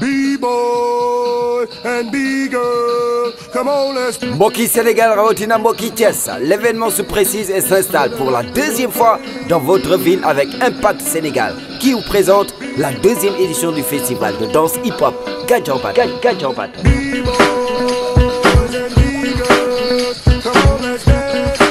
B-Boy and girl, come on let's Moki Sénégal rawatina Moki Thiès l'événement se précise et s'installe pour la deuxième fois dans votre ville avec Impact Sénégal qui vous présente la deuxième édition du festival de danse hip-hop Gadjambat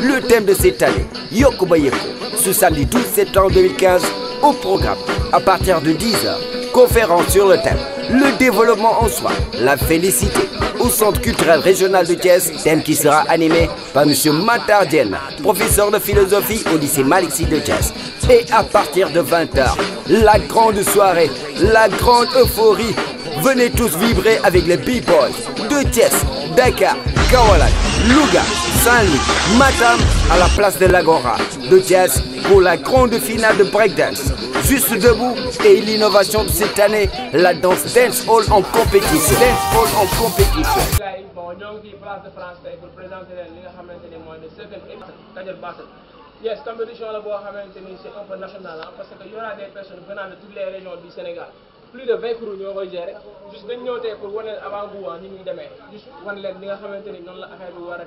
Le thème de cette année Yoko Bayeko ce samedi 12 septembre 2015 au programme à partir de 10h conférence sur le thème Le développement en soi, la félicité au Centre culturel régional de Thiès, thème qui sera animé par M. Matardienne, professeur de philosophie au lycée Malixi de Thiès. Et à partir de 20h, la grande soirée, la grande euphorie. Venez tous vibrer avec les B-Boys de Thiès, Dakar, Kawalak, Louga, Saint-Louis, Matam à la place de l'Agora de Thiès pour la grande finale de breakdance. Juste debout et l'innovation de cette année, la danse dancehall en compétition. Dance Hall en compétition. tey bon ñoo ngi fii place de France tey pour présenter leen li nga xamante ni mooy le septième édition Kajoor Basel. yes compétition la c'est un peu national hein, parce que y aura des personnes venant de toutes les régions du Sénégal. plus de 20 crews ñoo koy gérer juste dañ ñëw pour wane leen avant-goût hein, ni muy demee juste wan leen li nga la affaire bi war a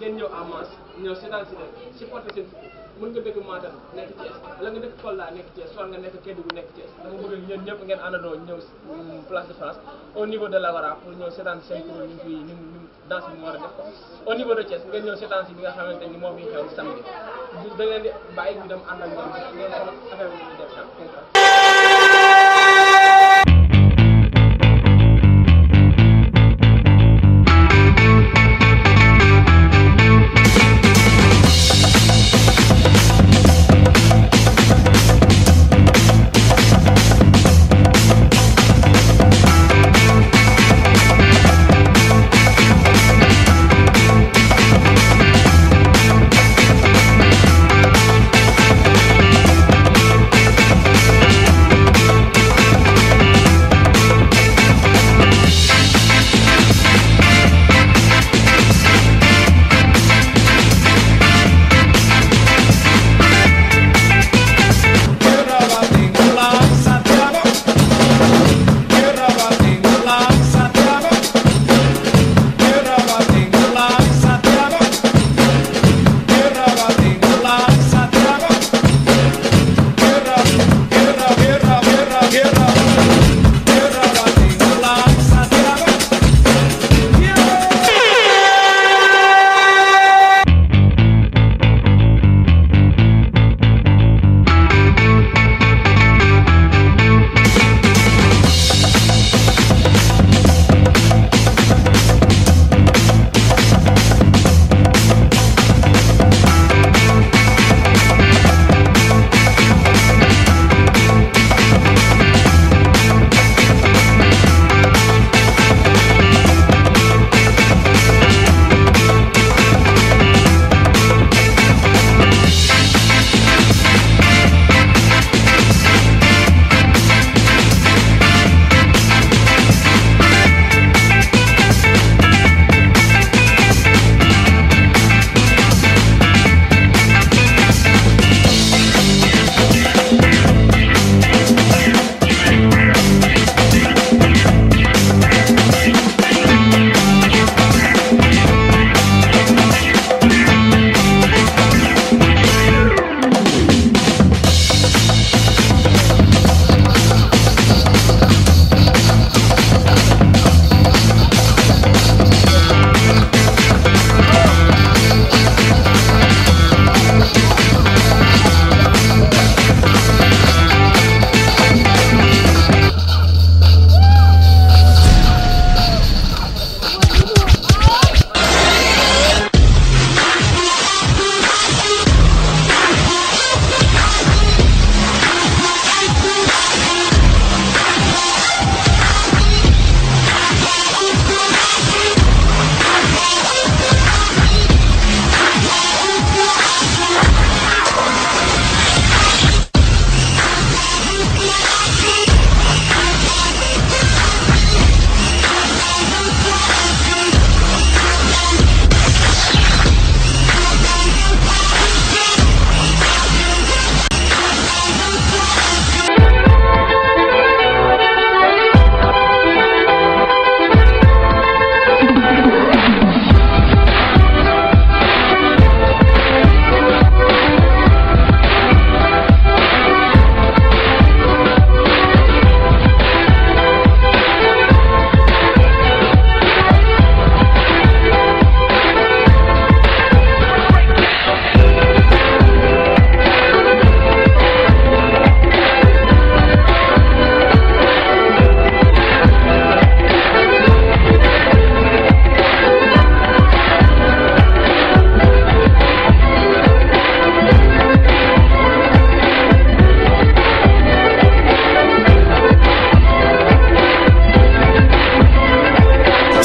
ngeen ñëw en masse ñëw seetaan si leen supporté seen mën nga dëkk Matam nekk Thiès wala nga dëkk Kolda nekk Thiès soit nga nekk Kédougou nekk Thiès dama bëgg ñeen ñëpp ngeen àndandoo ñëw mm, place de France au niveau de Lawara pour ñëw seetaan seen pour ñu fi ñu danse bi mu war a def ko au niveau de Thiès ngeen ñëw seetaan si bi nga xamante ni moo fi xew samedi da ngeen di bàyyi ñu dem ànd ak ñoom ngeen xool affaire bi ñu def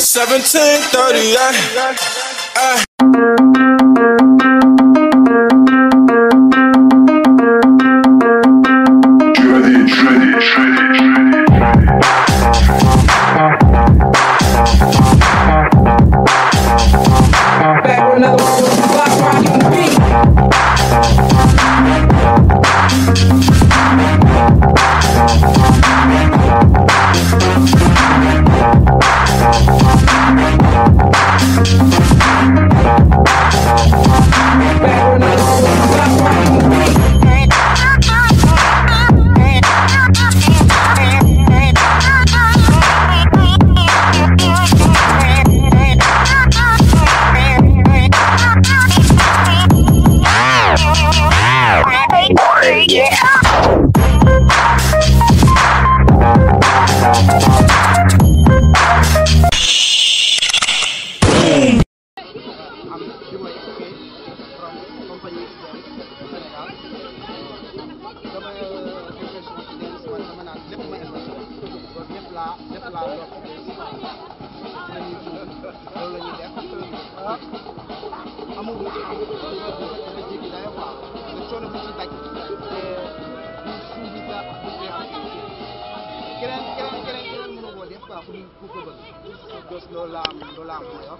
1738. damay dama naan lépp ma essayé kon lépp laa lépp laa dox dañuy tuub loolu la ñuy def amul dafa jéggi day waaw te coono bi ci daj te bu suuf bi daa bu dee am keneen keneen keneen mënu koo def quoi ku ko bëgg loolu laa am loolu laa am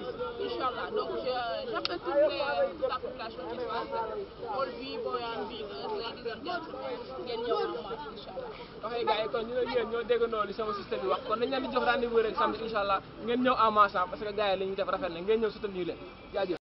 Inchallah, donk j apen touple tout akopilasyon ki swazde. Ol bi, bo yon bi, gèz, lèk lèk, gèz, gen yon amans, inchallah. Ok, gaya, kon, yon yon, yon, degon nou, lèk yon, sèm ou sèm yon wak. Kon, lèk yon, mèm jòp rèm di wè, lèk, sam, inchallah, gen yon amans, an, pasèkè gaya, lèk yon te prafèlè, gen yon sèm yon lèk.